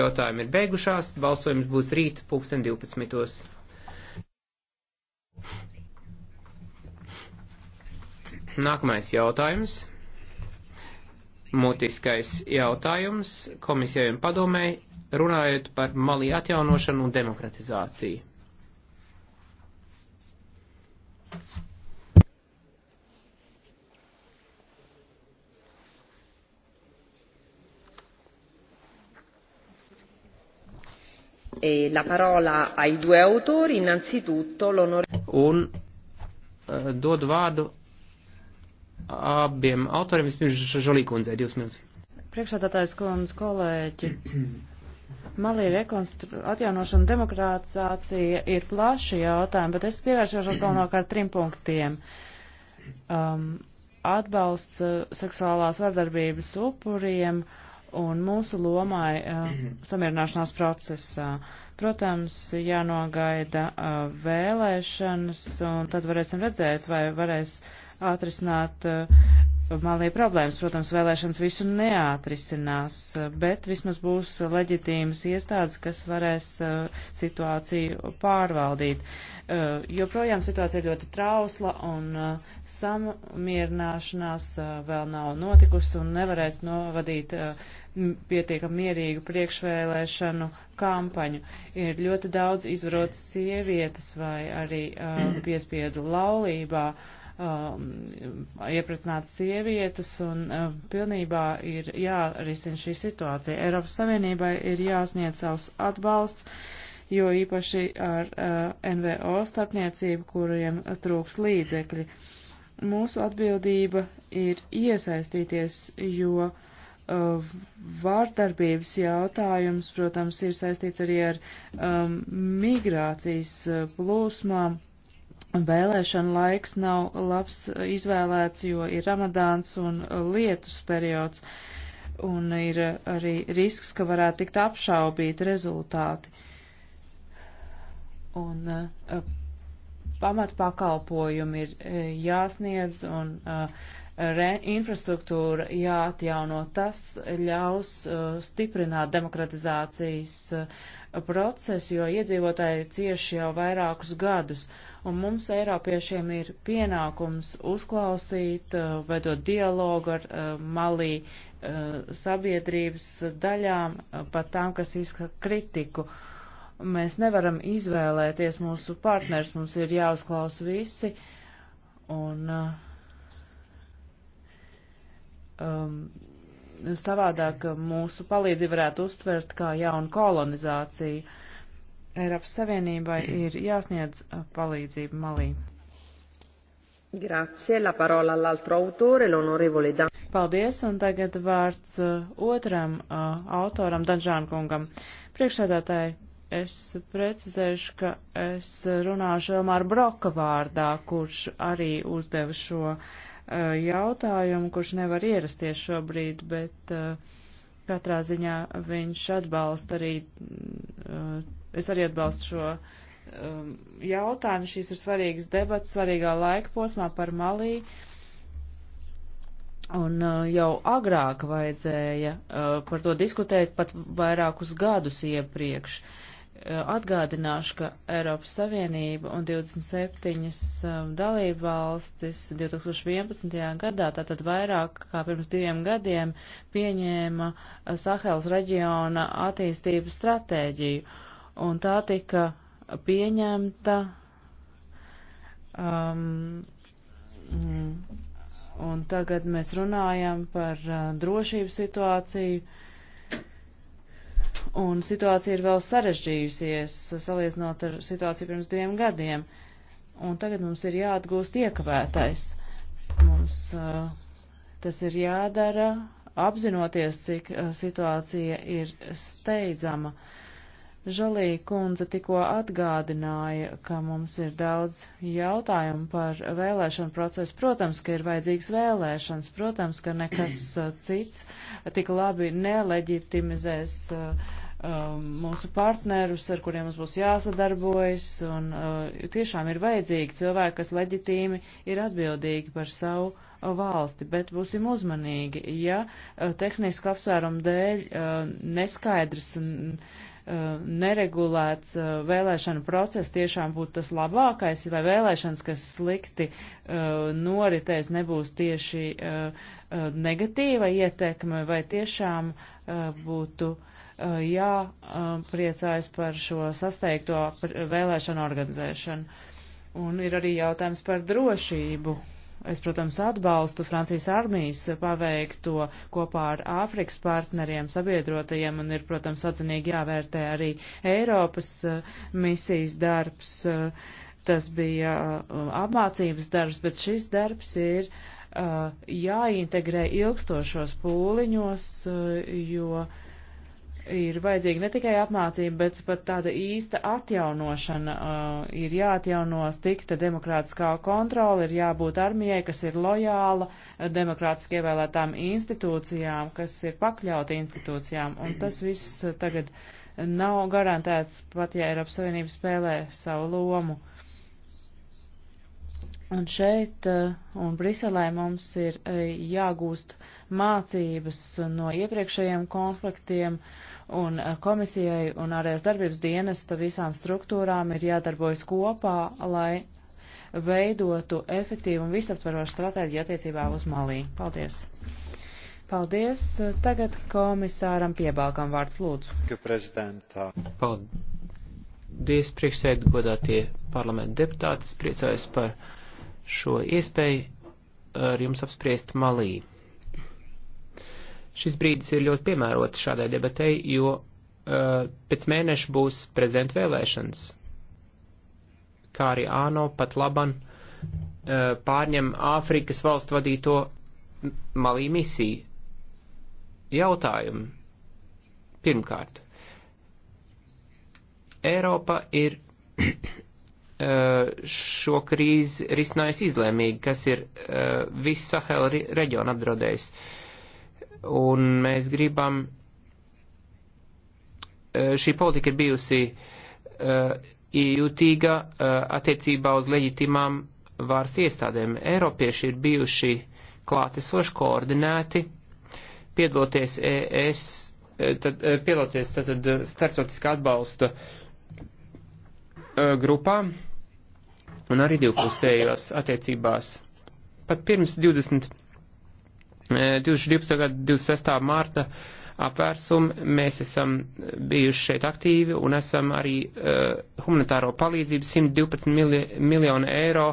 jautājumi ir beigušās, balsojums būs rīt 2012. Nākamais jautājums. Mutiskais jautājums komisijai un padomēji runājot par malī atjaunošanu un demokratizāciju. e la parola ai due autori, innanzitutto l'onorevole. Un uh, eh, dodu vārdu abiem autoriem, vispirms Žalī kundzei, divas minūtes. Priekšādātājs kundze, kolēģi. Malī rekonstru... atjaunošana demokrātizācija ir plaši jautājumi, bet es pievēršos galvenokārt trim punktiem. Um, atbalsts eh, seksuālās vardarbības upuriem un mūsu lomai uh, samierināšanās procesā. Protams, jānogaida uh, vēlēšanas, un tad varēsim redzēt, vai varēs atrisināt uh, malī problēmas. Protams, vēlēšanas visu neatrisinās, bet vismaz būs leģitīmas iestādes, kas varēs uh, situāciju pārvaldīt. Uh, joprojām situācija ir ļoti trausla un uh, samierināšanās vēl nav notikusi un nevarēs novadīt pietiekam mierīgu priekšvēlēšanu kampaņu. Ir ļoti daudz izvarotas sievietes vai arī piespiedu laulībā. Uh, Um, iepriecinātas sievietes un um, pilnībā ir jārisina šī situācija. Eiropas Savienībai ir jāsniedz savs atbalsts, jo īpaši ar uh, NVO starpniecību, kuriem trūks līdzekļi. Mūsu atbildība ir iesaistīties, jo uh, vārdarbības jautājums, protams, ir saistīts arī ar um, migrācijas uh, plūsmām vēlēšana laiks nav labs eh, izvēlēts, jo ir ramadāns un eh, lietus periods, un ir eh, arī risks, ka varētu tikt apšaubīti rezultāti. Un uh, pamatpakalpojumi ir uh, jāsniedz, un uh, re, infrastruktūra jāatjauno. Tas ļaus uh, stiprināt demokratizācijas uh, procesu, jo iedzīvotāji cieši jau vairākus gadus. Uh, un mums Eiropiešiem ir pienākums uzklausīt, uh, vedot dialogu ar uh, malī uh, sabiedrības daļām, pat tām, kas izsaka kritiku. Mēs nevaram izvēlēties mūsu partners, mums ir jāuzklaus visi, un um, savādāk mūsu palīdzību varētu uztvert kā jaunu kolonizāciju. Eiropas Savienībai ir jāsniedz uh, palīdzība Malī. Grazie, la parola all'altro autore, l'onorevole Dan. Paldies, un tagad vārds uh, otram uh, autoram, Danžāna kungam. Priekšsēdētāji, es precizēšu, ka es runāšu Elmāra Broka vārdā, kurš arī uzdeva šo jautājumu, kurš nevar ierasties šobrīd, bet uh, Katrā ziņā viņš atbalsta arī, mm, es arī atbalstu šo mm, jautājumu. Šīs ir svarīgas debats svarīgā laika posmā par Malī. Un mm, jau agrāk vajadzēja par to diskutēt pat vairākus gadus iepriekš. Uh, Eh, atgādināšu, ka Eiropas Savienība un 27 dalību valstis 2011. gadā, tātad vairāk kā pirms diviem gadiem, pieņēma eh, Sahels reģiona attīstības stratēģiju, un tā tika pieņemta. Um, un tagad mēs runājam par eh, drošības situāciju. Uh, un situācija ir vēl sarežģījusies, salīdzinot ar situāciju pirms diviem gadiem. Un tagad mums ir jāatgūst iekavētais. Mums uh, tas ir jādara, apzinoties, cik uh, situācija ir steidzama. Žalī kundze tikko atgādināja, ka mums ir daudz jautājumu par vēlēšanu procesu. Protams, ka ir vajadzīgs vēlēšanas, protams, ka nekas uh, cits tik labi neleģitimizēs uh, Um, mūsu partnerus, ar kuriem mums būs jāsadarbojas, un uh, tiešām ir vajadzīgi cilvēki, kas leģitīmi ir atbildīgi par savu uh, valsti, bet būsim uzmanīgi, ja uh, tehniska apsvēruma dēļ neskaidrs neregulēts vēlēšana process tiešām būtu tas labākais, vai vēlēšanas, kas slikti noritēs, nebūs tieši negatīva ietekme, vai tiešām būtu uh, jāpriecājas par šo sasteigto vēlēšanu organizēšanu. Un ir arī jautājums par drošību. Es, protams, atbalstu Francijas armijas paveikto kopā ar Āfrikas partneriem, sabiedrotajiem, un ir, protams, atzinīgi jāvērtē arī Eiropas uh, misijas darbs. Uh, tas bija uh, apmācības darbs, bet šis darbs ir jāintegrē ilgstošos pūliņos, jo ir vajadzīga ne tikai apmācība, bet pat tāda īsta atjaunošana. Uh, ir jāatjauno stikta demokrātiskā kontrola, ir jābūt armijai, kas ir lojāla uh, demokrātiski ievēlētām institūcijām, kas ir pakļauti institūcijām. Un tas viss uh, tagad nav garantēts, pat ja Eiropas Savienība spēlē savu lomu. Un šeit uh, un Briselē mums ir jāgūst mācības no iepriekšējiem konfliktiem. Uh, Un eh, komisijai un ārējās darbības dienesta visām struktūrām ir jādarbojas kopā, lai veidotu efektīvu un visaptvarošu stratēģiju attiecībā uz Malī. Paldies! Paldies! Tagad komisāram piebalkam vārds lūdzu. Paldies, priekšsēd, godātie parlamenta deputāti. Es priecājos par šo iespēju ar jums apspriest Malī. Šis brīdis ir ļoti piemērots šādai debatei, jo uh, pēc mēneša būs prezidenta vēlēšanas. Kā arī ANO pat laban uh, pārņem Āfrikas valstu vadīto malī misiju. Jautājumi. Pirmkārt, Eiropa ir uh, šo krīzi risinājis izlēmīgi, kas ir uh, visu Sahelu reģionu apdraudējis. Uh, Un mēs gribam, eh, šī politika ir bijusi uh, eh, jūtīga uh, eh, attiecībā uz leģitimām vārs iestādēm. Eiropieši ir bijuši klātesoši koordinēti, piedaloties ES, tad, piedaloties tad starptautiskā atbalsta grupā un arī divpusējos attiecībās. Pat pirms 20 2012. gada 26. mārta apvērsumu mēs esam bijuši šeit aktīvi un esam arī uh, humanitāro palīdzību 112 mili miljonu eiro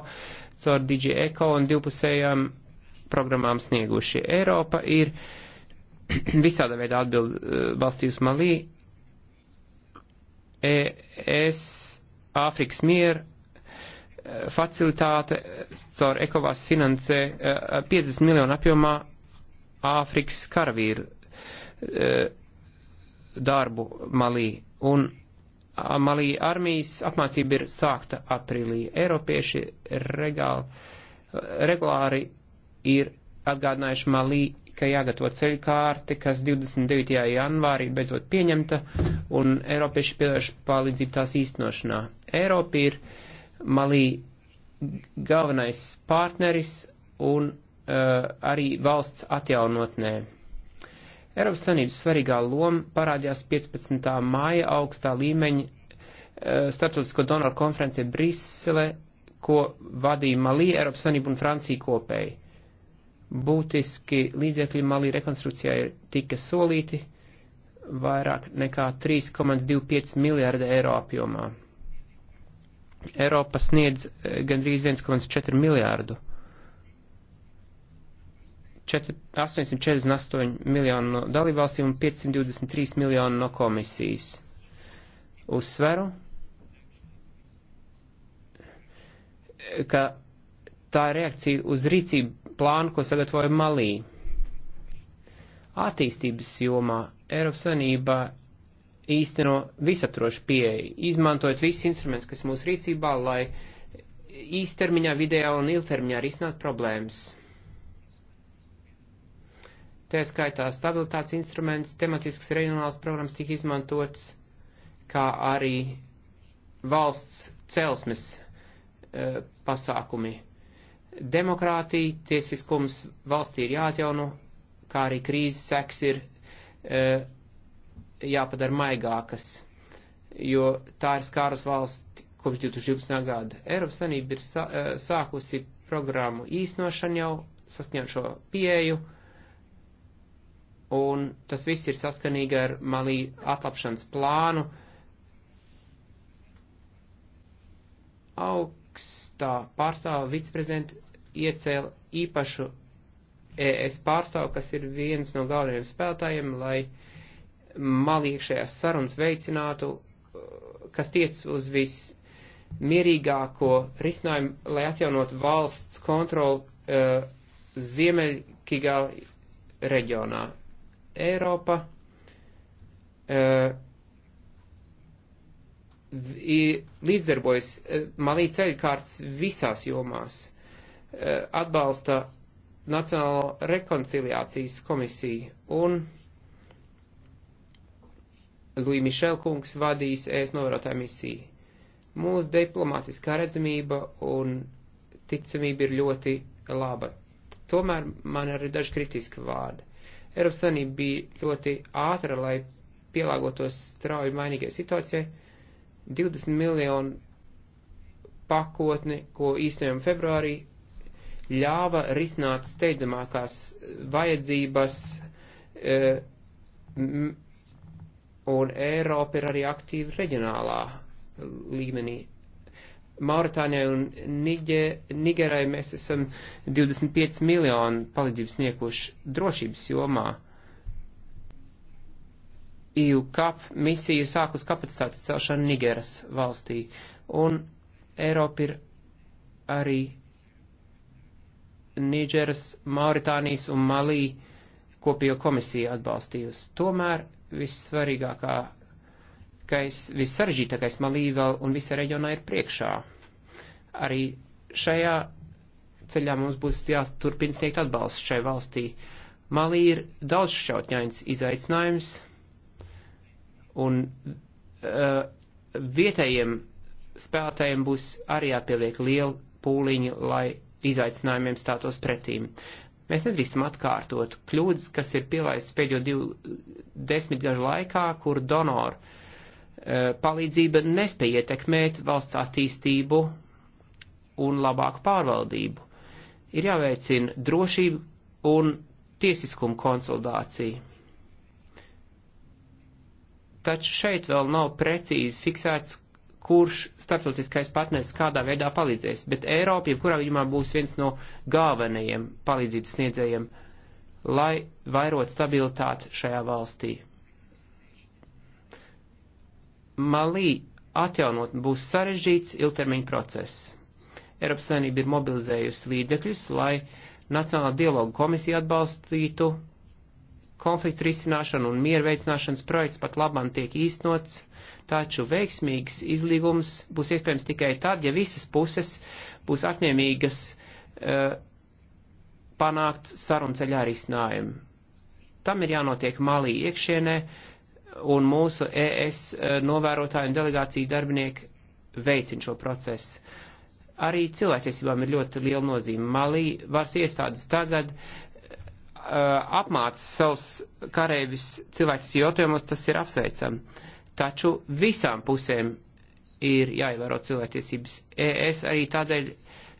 caur DG Eco un divpusējām programmām snieguši. Eiropa ir visāda veida atbild uh, valstīs Malī, e, ES, Āfrikas mieru, uh, eh, facilitāte caur ECOVAS finansē uh, 50 miljonu apjomā Āfrikas karavīru e, darbu Malī. Un Malī armijas apmācība ir sākta aprīlī. Eiropieši regāli, regulāri ir atgādinājuši Malī, ka jāgatavo ceļkārti, kas 29. janvārī beidzot pieņemta, un Eiropieši pievērš palīdzību tās īstenošanā. Eiropa ir Malī galvenais partneris un Eh, arī valsts atjaunotnē. Eiropas Sanības svarīgā loma parādījās 15. māja augstā līmeņa eh, starptautisko donoru konferencē Brisele, ko vadīja Malī, Eiropas Sanība un Francija kopēji. Būtiski līdzekļi Malī rekonstrukcijai tika solīti vairāk nekā 3,25 miljārda eiro apjomā. Eiropa sniedz eh, gandrīz 1,4 miljārdu 848 miljonu no dalībvalstīm un 523 miljonu no komisijas. Uzsveru, ka tā reakcija uz rīcību plānu, ko sagatavoja Malī. Attīstības jomā Eiropas Savienība īsteno visaptrošu pieeju, izmantojot visus instrumentus, kas mūsu rīcībā, lai īstermiņā, vidējā un ilgtermiņā risinātu problēmas Tā skaitā stabilitātes instruments, tematisks reģionāls programmas tika izmantots, kā arī valsts celsmes e, pasākumi. Demokrātija, tiesiskums valstī ir jāatjauno, kā arī krīzes seks ir e, jāpadara maigākas, jo tā ir skārus valsts kopš 2012. gada. Eiropas Sanība ir e, sākusi programmu īstenošanu jau, sasniegšo pieeju un tas viss ir saskanīgi ar malī atlapšanas plānu. Augstā pārstāva viceprezidenta iecēla īpašu ES pārstāvu, kas ir viens no galvenajiem spēlētājiem, lai malī iekšējās sarunas veicinātu, kas tiec uz viss mierīgāko risinājumu, lai atjaunot valsts kontroli uh, eh, Ziemeļkigā reģionā. Eiropa eh, līdzdarbojas eh, malī ceļkārts visās jomās, eh, atbalsta Nacionālo rekonciliācijas komisiju un Louis Michel kungs vadīs ēst novērotāju misiju. Mūsu diplomātiskā redzamība un ticamība ir ļoti laba. Tomēr man arī daži kritiski vārdi. Eiropas Savienība bija ļoti ātra, lai pielāgotos strauji mainīgai situācijai. 20 miljonu pakotni, ko īstenojam februārī, ļāva risināt steidzamākās vajadzības, e, un Eiropa ir arī aktīva reģionālā līmenī Mauritānijai un Nigerai Nige, mēs esam 25 miljonu palīdzības snieguši drošības jomā. IUCAP e misija sākus kapacitātes celšanu Nigeras valstī, un Eiropa ir arī Nigeras, Mauritānijas un Malī kopējo komisiju atbalstījusi. Tomēr vissvarīgākā vissaržģītākais, vissaržģītākais malī vēl un visā reģionā ir priekšā. Arī šajā ceļā mums būs jāturpina sniegt atbalsts šai valstī. Malī ir daudz šķautņains izaicinājums, un uh, vietējiem spēlētājiem būs arī jāpieliek liela pūliņa, lai izaicinājumiem stātos pretīm. Mēs nedrīkstam atkārtot kļūdas, kas ir pielaistas pēdējo divu desmitgažu laikā, kur donoru Eh, palīdzība nespēja ietekmēt valsts attīstību un labāku pārvaldību. Ir jāveicina drošība un tiesiskuma konsolidācija. Taču šeit vēl nav precīzi fiksēts, kurš starptautiskais partneris kādā veidā palīdzēs, bet Eiropa, jebkurā gadījumā, būs viens no galvenajiem palīdzības sniedzējiem, lai vairot stabilitāti šajā valstī. Malī atjaunot būs sarežģīts ilgtermiņa process. Eiropas Savienība ir mobilizējusi līdzekļus, lai Nacionālā dialoga komisija atbalstītu konfliktu risināšanu un mieru veicināšanas projekts pat labam tiek īstenots, taču veiksmīgs izlīgums būs iespējams tikai tad, ja visas puses būs apņēmīgas uh, panākt sarunceļā risinājumu. Tam ir jānotiek malī iekšienē, un mūsu ES eh, novērotāju un delegāciju darbinieki veicina šo procesu. Arī cilvēktiesībām ir ļoti liela nozīme. Malī varas iestādes tagad uh, apmāca savus karēvis cilvēktiesību jautājumos, tas ir apsveicam. Taču visām pusēm ir jāievēro cilvēktiesības. ES arī tādēļ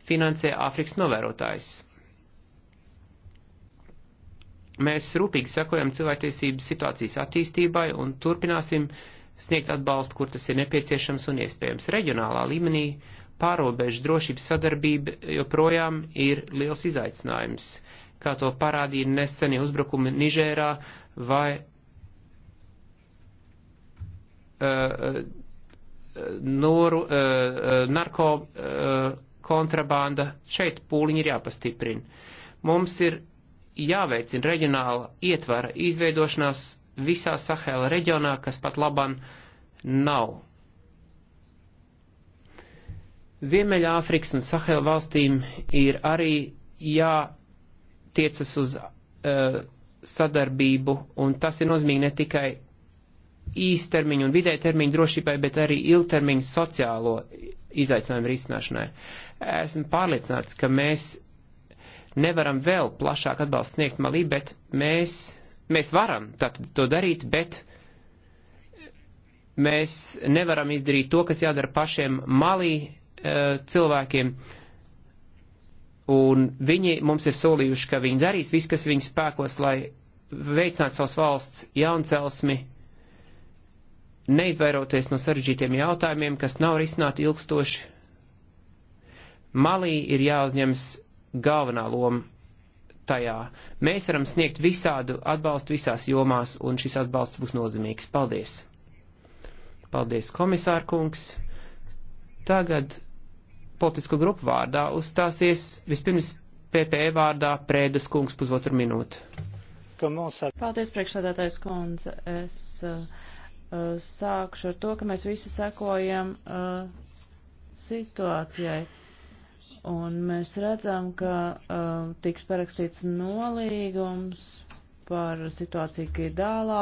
finansē Āfrikas novērotājs. Mēs rūpīgi sakojam cilvēktiesību situācijas attīstībai un turpināsim sniegt atbalstu, kur tas ir nepieciešams un iespējams. Reģionālā līmenī pārobežu drošības sadarbība joprojām ir liels izaicinājums, kā to parādīja nesenie uzbrukumi Nižērā vai uh, noru, uh, narko uh, kontrabanda. Šeit pūliņi ir jāpastiprina. Mums ir jāveicina reģionāla ietvara izveidošanās visā Sahela reģionā, kas pat laban nav. Ziemeļāfrikas un Sahela valstīm ir arī jātiecas uz uh, sadarbību, un tas ir nozīmīgi ne tikai īstermiņu un vidēja termiņu drošībai, bet arī ilgtermiņu sociālo izaicinājumu risināšanai. Esmu pārliecināts, ka mēs nevaram vēl plašāk atbalstu sniegt malī, bet mēs, mēs varam tātad to darīt, bet mēs nevaram izdarīt to, kas jādara pašiem malī uh, cilvēkiem. Un viņi mums ir solījuši, ka viņi darīs visu, kas viņu spēkos, lai veicinātu savas valsts jauncelsmi, neizvairoties no sarežģītiem jautājumiem, kas nav risināti ilgstoši. Malī ir jāuzņems galvenā loma tajā. Mēs varam sniegt visādu atbalstu visās jomās, un šis atbalsts būs nozīmīgs. Paldies! Paldies, komisārkungs! Tagad politisko grupu vārdā uzstāsies vispirms PP e vārdā Prēdas kungs pusotru minūtu. Paldies, priekšsādātais kundze. Es uh, uh sākšu ar to, ka mēs visi sekojam uh, situācijai. Uh, Un mēs redzam, ka uh, tiks parakstīts nolīgums par situāciju Kidālā,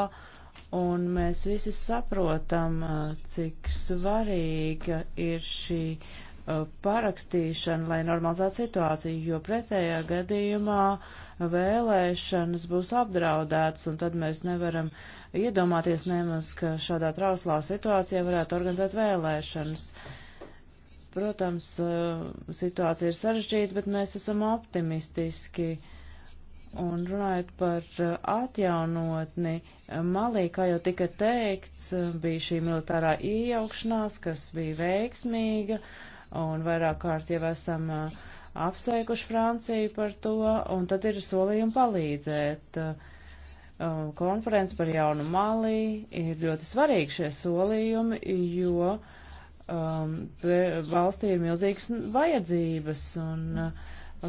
un mēs visi saprotam, uh, cik svarīga ir šī uh, parakstīšana, lai normalizētu situāciju, jo pretējā gadījumā vēlēšanas būs apdraudētas, un tad mēs nevaram iedomāties nemaz, ka šādā trauslā situācijā varētu organizēt vēlēšanas. Uh, Protams, eh, situācija ir sarežģīta, bet mēs esam optimistiski. Un runājot par eh, atjaunotni, eh, Malī, kā jau tika teikts, bija šī militārā iejaukšanās, kas bija veiksmīga, un vairāk kārt jau esam apsveikuši Franciju par to, un tad ir solījumi palīdzēt. Um, Konference par jaunu Malī ir ļoti svarīgi šie solījumi, jo um, valstī ir milzīgas vajadzības un uh,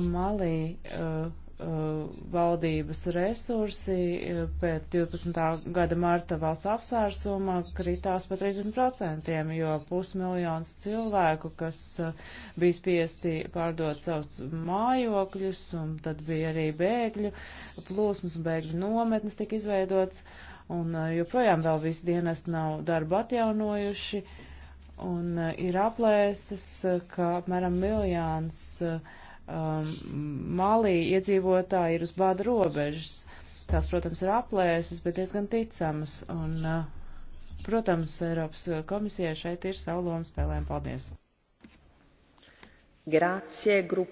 Malī uh, uh, valdības resursi uh, pēc 12. gada marta valsts apsvērsuma kritās pa 30%, jo pusmiljons cilvēku, kas uh, bija spiesti pārdot savus mājokļus, un tad bija arī bēgļu plūsmas un bēgļu nometnes tika izveidots, un uh, joprojām vēl visi dienesti nav darbu atjaunojuši. Uh, Un eh, ir aplēses, eh, ka apmēram miljāns eh, um, malī iedzīvotāji ir uz bāda robežas. Tās, protams, ir aplēses, bet diezgan ticamas. Un, protams, Eiropas komisijai šeit ir savu lomu spēlēm. Paldies! Grācie, grup.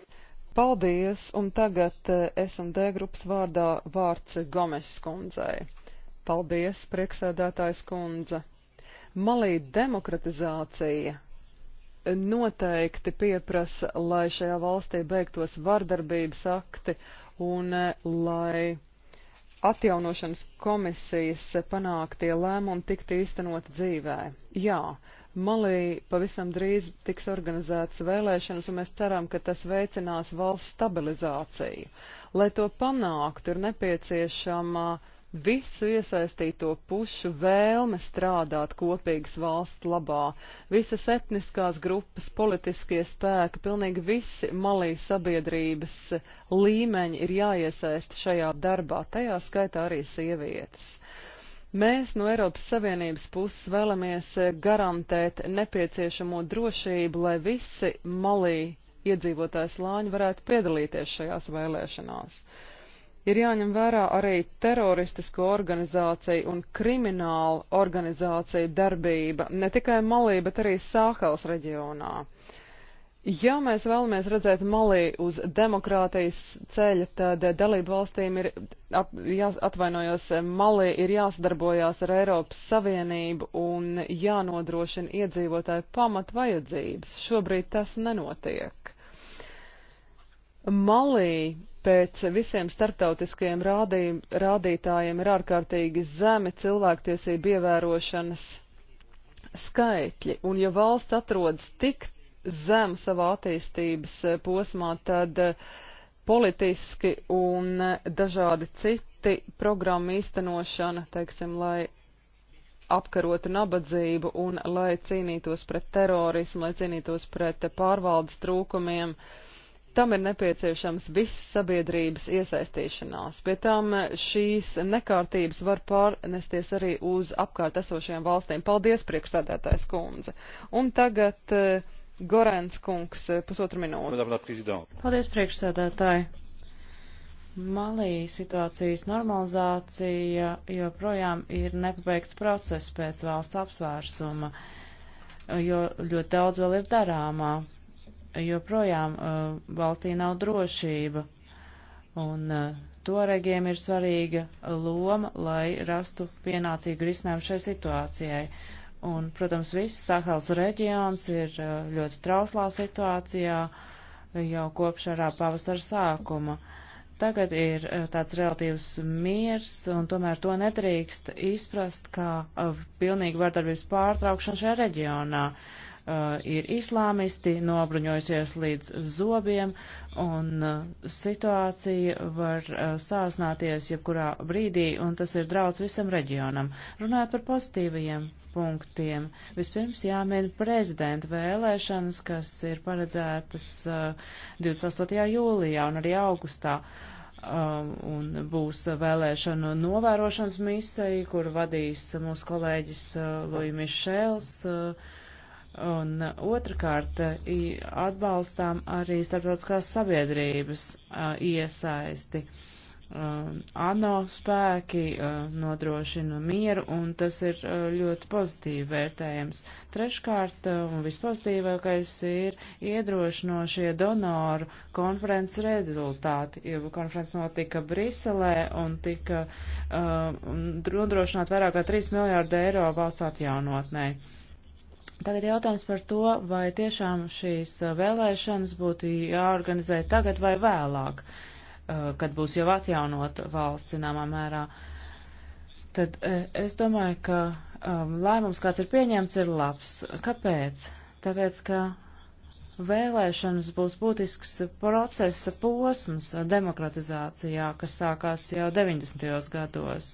Paldies, un tagad S&D grupas vārdā vārds Gomes skundzei. Paldies, prieksēdētājs kundze! Malī demokratizācija noteikti pieprasa, lai šajā valstī beigtos vardarbības akti un eh, lai atjaunošanas komisijas panāktie lēmumi tiktu īstenoti dzīvē. Jā, Malī pavisam drīz tiks organizētas vēlēšanas, un mēs ceram, ka tas veicinās valsts stabilizāciju. Lai to panāktu, ir nepieciešama uh, visu iesaistīto pušu vēlme strādāt kopīgas valsts labā. Visas etniskās grupas, politiskie spēki, pilnīgi visi malī sabiedrības līmeņi ir jāiesaista šajā darbā, tajā skaitā arī sievietes. Mēs no Eiropas Savienības puses vēlamies garantēt nepieciešamo drošību, lai visi malī iedzīvotājs lāņi varētu piedalīties šajās vēlēšanās ir jāņem vērā arī teroristisko organizāciju un kriminālu organizāciju darbība ne tikai Malī, bet arī Sāhels reģionā. Ja mēs vēlamies redzēt Malī uz demokrātijas ceļa, tad dalību valstīm ir, ap, jās, atvainojos, Malī ir jāsadarbojās ar Eiropas Savienību un jānodrošina iedzīvotāju pamat vajadzības. Šobrīd tas nenotiek. Malī pēc visiem starptautiskajiem rādī, rādītājiem ir ārkārtīgi zemi cilvēktiesību ievērošanas skaitļi, un ja valsts atrodas tik zem savā attīstības eh, posmā, tad eh, politiski un eh, dažādi citi programmu īstenošana, teiksim, lai apkarotu nabadzību un lai cīnītos pret terorismu, lai cīnītos pret pārvaldes trūkumiem, uh, Tam ir nepieciešams viss sabiedrības iesaistīšanās. Pie tam šīs nekārtības var pārnesties arī uz apkārt esošajām valstīm. Paldies, priekšsēdētājs kundze. Un tagad eh, Gorens kungs, eh, pusotru minūti. Paldies, priekšsēdētāji. Malī situācijas normalizācija joprojām ir nepabeigts process pēc valsts apsvērsuma, jo ļoti daudz vēl ir darāmā joprojām uh, valstī nav drošība. Un uh, toregiem ir svarīga loma, lai rastu pienācīgu risinājumu šai situācijai. Un, protams, viss Sahels reģions ir uh, ļoti trauslā situācijā jau kopš arā pavasara sākuma. Tagad ir tāds relatīvs miers, un tomēr to nedrīkst izprast kā pilnīgi vardarbības pārtraukšanu šajā reģionā. Uh, uh, ir islāmisti, nobruņojusies līdz zobiem, un uh, situācija var uh, sāsnāties jebkurā brīdī, un tas ir draudz visam reģionam. Runājot par pozitīvajiem punktiem, vispirms jāmin prezidenta vēlēšanas, kas ir paredzētas uh, 28. jūlijā un arī augustā. Uh, un būs vēlēšanu novērošanas misija, kur vadīs mūsu kolēģis Lui Mišels. Uh, Un otrkārt, atbalstām arī starptautiskās sabiedrības iesaisti. Um, ANO spēki nodrošina mieru, un tas ir ļoti pozitīvi vērtējams. Treškārt, un vispozitīvākais ir iedrošinošie donoru konferences rezultāti. Jo konferences notika Briselē un tika nodrošināt vairāk kā 3 miljārdu eiro valsts atjaunotnē. Tagad jautājums par to, vai tiešām šīs uh, vēlēšanas būtu jāorganizē tagad vai vēlāk, uh, kad būs jau atjaunot valsts zināmā mērā. Tad uh, es domāju, ka um, lēmums, kāds ir pieņemts, ir labs. Kāpēc? Tāpēc, ka vēlēšanas būs būtisks procesa posms demokratizācijā, kas sākās jau 90. gados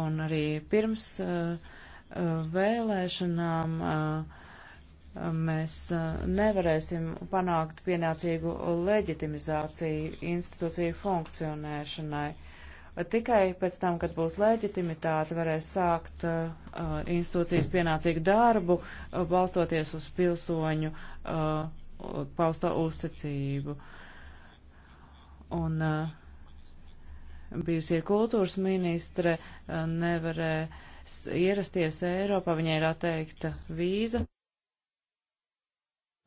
un arī pirms uh, vēlēšanām eh, mēs eh, nevarēsim panākt pienācīgu leģitimizāciju institūciju funkcionēšanai. Tikai pēc tam, kad būs leģitimitāte, varēs sākt eh, institūcijas pienācīgu darbu, balstoties uz pilsoņu pausto uzticību. Un bijusī kultūras ministre nevarēja ierasties Eiropā, viņai ir atteikta vīza.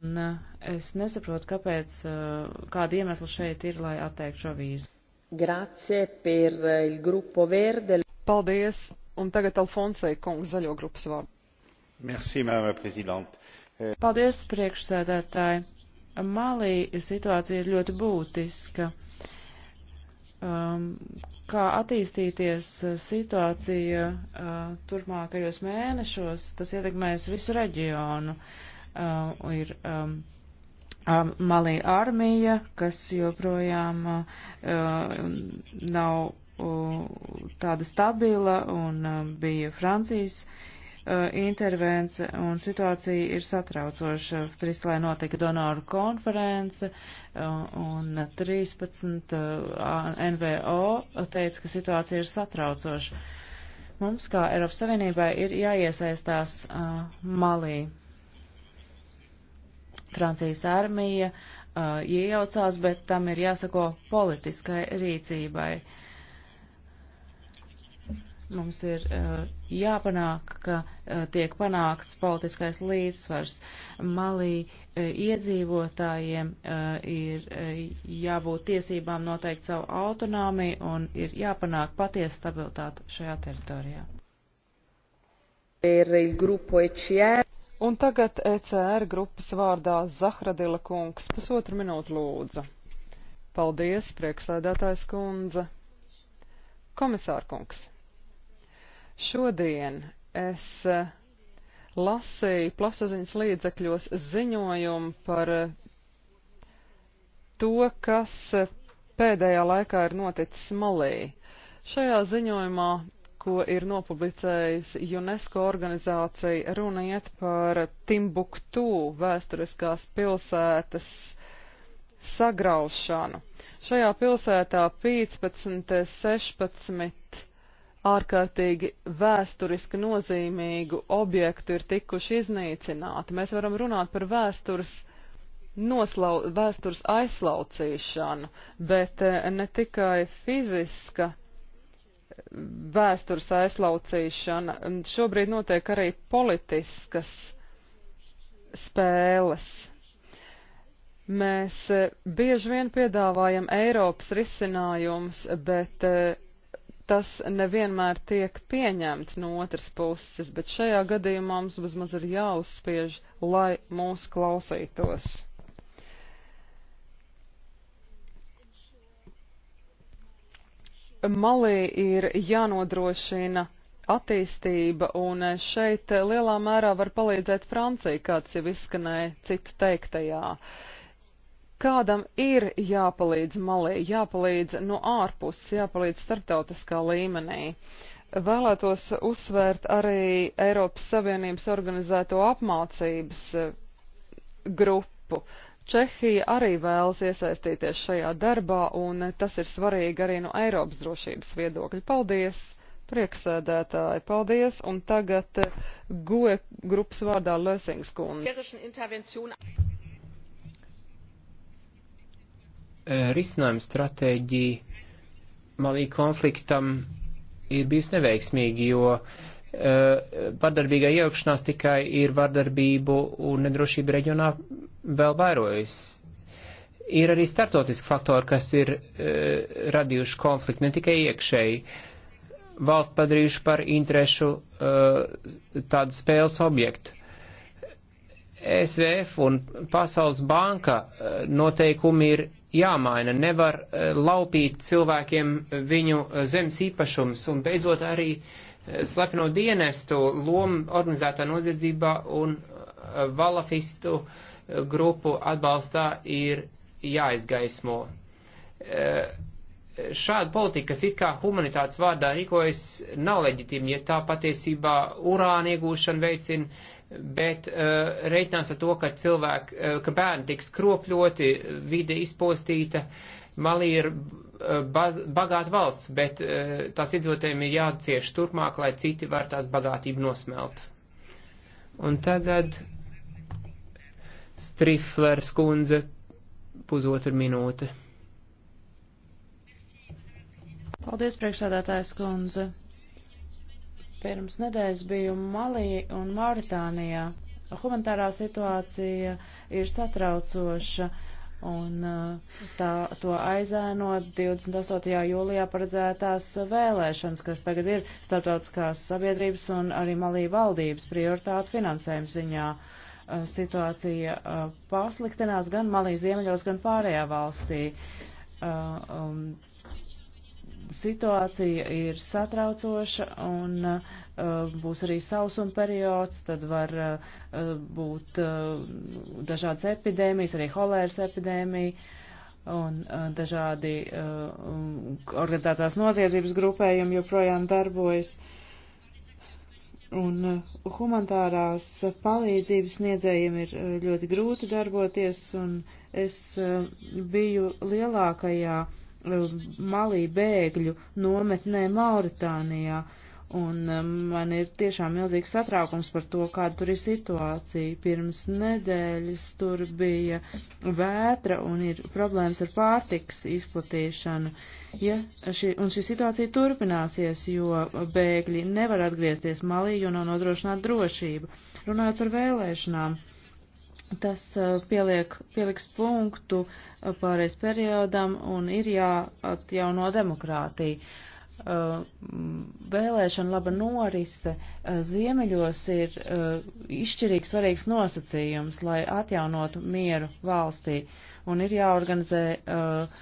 Un uh, es nesaprotu, kāpēc, uh, kāda iemesla šeit ir, lai atteiktu šo vīzu. Grazie per uh, il gruppo verde. Paldies, un tagad Alfonsai kungs zaļo grupas vārdu. Merci, madame la présidente. Euh, Paldies, priekšsēdētāji. Malī situācija ir ļoti būtiska um, kā attīstīties uh, situācija uh, turpmākajos mēnešos, tas ietekmēs visu reģionu. Uh, ir um, um Malī armija, kas joprojām uh, um, nav uh, tāda stabila un uh, bija Francijas uh, Eh, intervence un situācija ir satraucoša. Briselē notika donoru konference eh, un 13 eh, NVO teica, ka situācija ir satraucoša. Mums kā Eiropas Savienībai ir jāiesaistās Malī. Francijas armija uh, iejaucās, bet tam ir jāsako politiskai rīcībai. Uh, Mums ir uh, jāpanāk, ka uh, tiek panākts politiskais līdzsvars. Malī uh, iedzīvotājiem uh, ir uh, jābūt tiesībām noteikt savu autonomiju un ir jāpanāk patiesa stabilitāte šajā teritorijā. E un tagad ECR grupas vārdā Zahradila kungs pusotru minūtu lūdzu. Paldies, priekšsēdētājs kundze. Komisārkungs. Šodien es eh, lasīju plašsaziņas līdzekļos ziņojumu par eh, to, kas eh, pēdējā laikā ir noticis Malī. Šajā ziņojumā, ko ir nopublicējusi UNESCO organizācija, runa iet par Timbuktu vēsturiskās pilsētas sagraušanu. Šajā pilsētā 15, 16 ārkārtīgi vēsturiski nozīmīgu objektu ir tikuši iznīcināti. Mēs varam runāt par vēstures, noslau, vēstures aizslaucīšanu, bet eh, ne tikai fiziska vēstures aizslaucīšana, šobrīd notiek arī politiskas spēles. Mēs eh, bieži vien piedāvājam Eiropas risinājums, bet eh, tas nevienmēr tiek pieņemts no otras puses, bet šajā gadījumā mums vismaz ir jāuzspiež, lai mūs klausītos. Malī ir jānodrošina attīstība, un šeit lielā mērā var palīdzēt Francija, kāds jau izskanēja citu teiktajā. Uh, Kādam ir jāpalīdz malī, jāpalīdz no ārpuses, jāpalīdz starptautiskā līmenī. Vēlētos uzsvērt arī Eiropas Savienības organizēto apmācības eh, grupu. Čehija arī vēlas iesaistīties šajā darbā, un tas ir svarīgi arī no Eiropas drošības viedokļa. Paldies! Prieksēdētāji, paldies, un tagad eh, goe grupas vārdā Lösings kundze. Eh, risinājuma stratēģija malī konfliktam ir bijis neveiksmīgi, jo uh, vardarbīgā iejaukšanās tikai ir vardarbību un nedrošība reģionā vēl vairojas. Ir arī startotiski faktori, kas ir uh, radījuši konfliktu ne tikai iekšēji. Valsts padarījuši par interešu uh, tādu spēles objektu. SVF un Pasaules banka noteikumi ir jāmaina. Nevar eh, laupīt cilvēkiem viņu eh, zemes īpašums un beidzot arī eh, slepeno dienestu lomu organizētā noziedzībā un valafistu grupu atbalstā ir jāizgaismo šāda politika, kas it kā humanitātes vārdā rīkojas, nav leģitīma, ja tā patiesībā urāna iegūšana veicina, bet uh, reiķinās ar to, ka cilvēki, uh, ka bērni tiks kropļoti, vide izpostīta. Malī ir uh, bagāta valsts, bet uh, tās iedzīvotājiem ir jācieš turpmāk, lai citi var tās bagātību nosmelt. Un tagad Striflers kundze pusotru minūti. Paldies, priekšsādātājs kundze. Pirms nedēļas biju Malī un Mauritānijā. Humanitārā situācija ir satraucoša un uh, tā, to aizēno 28. jūlijā paredzētās vēlēšanas, kas tagad ir starptautiskās sabiedrības un arī malī valdības prioritāte finansējuma ziņā. Uh, situācija uh, pasliktinās gan malī ziemeļos, gan pārējā valstī. Um, situācija ir satraucoša un uh, būs arī sausuma periods, tad var uh, būt uh, dažādas epidēmijas, arī holēras epidēmija un uh, dažādi uh, organizētās noziedzības grupējumi joprojām darbojas. Un uh, humanitārās palīdzības sniedzējiem ir uh, ļoti grūti darboties, un es uh, biju lielākajā uh, Malī bēgļu nometnē Mauritānijā. Un um, man ir tiešām milzīgs satraukums par to, kāda tur ir situācija. Pirms nedēļas tur bija vētra un ir problēmas ar pārtiks izplatīšanu. Ja, šī, un šī situācija turpināsies, jo bēgļi nevar atgriezties malī, jo nav nodrošināta drošība. Runājot par vēlēšanām. Uh, Tas eh, pieliek, pieliks punktu eh, pārējais periodam un ir jāatjauno demokrātija. Eh, vēlēšana laba norise ziemeļos ir izšķirīgs svarīgs nosacījums, lai atjaunotu mieru valstī un ir jāorganizē uh,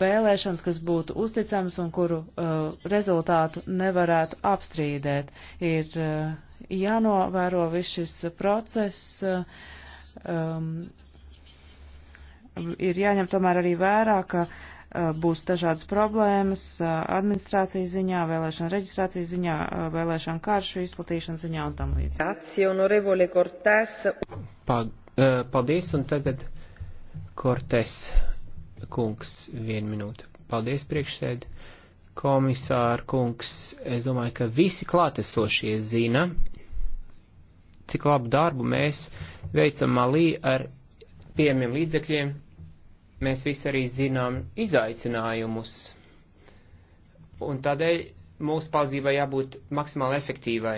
vēlēšanas, kas būtu uzticamas un kuru uh, rezultātu nevarētu apstrīdēt. Ir uh, jānovēro viss šis process, uh, um, ir jāņem tomēr arī vērā, ka uh, būs dažādas problēmas uh, administrācijas ziņā, vēlēšana reģistrācijas ziņā, uh, vēlēšana karšu izplatīšanas ziņā un tam līdz. Uh, paldies, un tagad Kortes kungs vienu minūtu. Paldies, priekšsēd. Komisāra kungs, es domāju, ka visi klātesošie zina, cik labu darbu mēs veicam malī ar pieejamiem līdzekļiem. Mēs visi arī zinām izaicinājumus. Un tādēļ mūsu palīdzībai jābūt maksimāli efektīvai.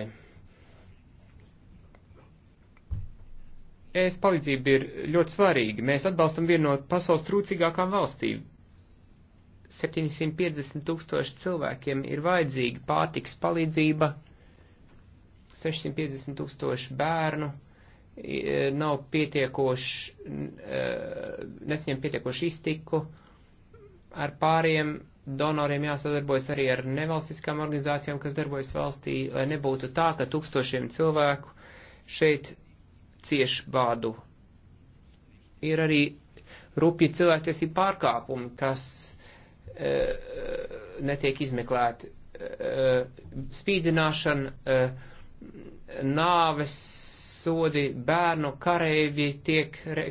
ES palīdzība ir ļoti svarīga. Mēs atbalstam vienu no pasaules trūcīgākām valstīm. 750 tūkstoši cilvēkiem ir vajadzīga pārtiks palīdzība 650 tūkstoši bērnu e, nav pietiekoši, e, nesaņem pietiekoši iztiku, ar pāriem donoriem jāsadarbojas arī ar nevalstiskām organizācijām, kas darbojas valstī, lai nebūtu tā, ka tūkstošiem cilvēku šeit cieš bādu. Ir arī rupji cilvēktiesību pārkāpumi, kas e, e netiek izmeklēti. E, spīdzināšana, e, nāves sodi, bērnu kareivi tiek re